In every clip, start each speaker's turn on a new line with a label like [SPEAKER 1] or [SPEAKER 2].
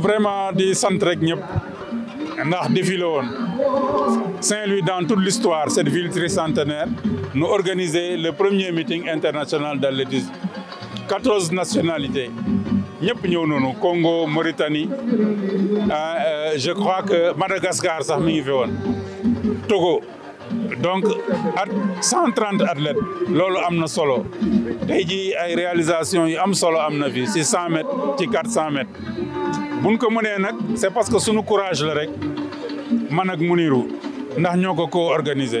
[SPEAKER 1] vraiment des centres. Saint-Louis dans toute l'histoire cette ville tricentenaire nous organisons le premier meeting international dans d'athlétisme 14 nationalités Nous sommes Congo Mauritanie ah, euh, je crois que Madagascar ça Togo donc at 130 athlètes loolu am na solo tey jii ay réalisation yu am solo am na fi ci 100 mètres ci 400 mètres buñ ko mënee nag c'est parce que sunu courage la rek man ak Muniru ndax ñoo ko co-organisé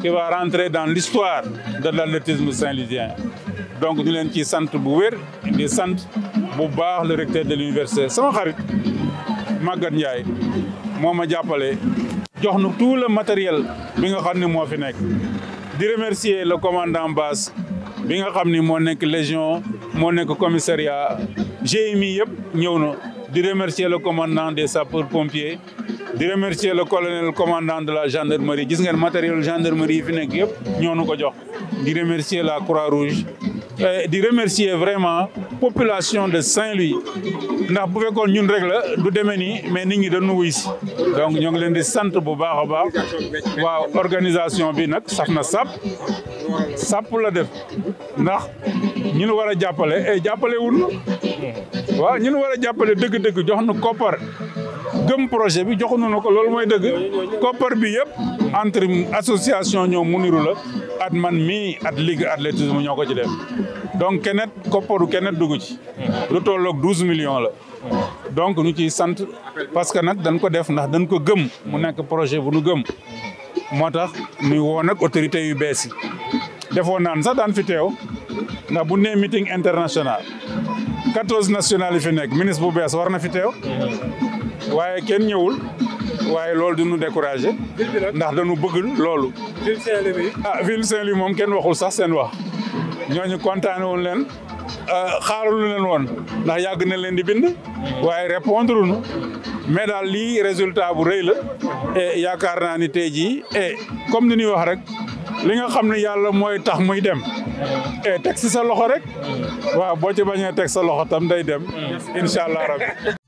[SPEAKER 1] qui va rentrer dans l'histoire de l'athlétisme saint Lydien. donc nous allons le recteur de l'université sama xarit tout le matériel bi remercier le commandant Bass commissariat j'ai remercier le commandant des sapeurs pompiers di remercier le colonel commandant de la gendarmerie gis ngeen matériel gendarmerie fi nek yépp ñoo ko jox di remercier la Croix-Rouge di remercier vraiment population de Saint-Louis ndax bu fekkoon ñun rek la du demee nii mais nit ñi dañu wuy si donc ñoo ngi leen di sant bu baax a baax waaw organisation bi nag saf na sap sàpp la def ndax ñu nu war a jàppale e jàppale wun waaw ñu nu war a jàppale dëgg-dëgg jox nu koppar gëm projet bi joxu na ko loolu mooy dëgg koppar bi yëpp entre association ñoom muniru la at man mii at ligue athlétisme ñoo ko ci def donc kenet kopparu kenet dugg ci lu tolloog douze millions la donc ñu ciy sant parce que nag dañ ko def ndax dañ ko gëm mu nekk projet bu nu gëm moo tax ñu woo nag autorité yu bees yi defoon naan sax daan fi teew ndax bu nee meeting international quatorze national yi fi nekk ministre bu bees war na fi teew waaye kenn ñëwul waaye loolu du ñu découragé ndax dañu bëgg loolu. ville saint ah ville Saint-Louis moom kenn waxul sax seen wax ñooñu kontaane woon leen ah, xaaralu leen woon ndax yàgg na leen di bind waaye répondre nu mais daal lii résultat bu rëy la et yaakaar naa ni tey jii comme ni ñuy wax rek li nga xam ne yàlla mooy tax muy dem e teg si sa loxo rek mm. waaw boo ci bañee teg sa loxo tam day dem mm. incha rabbi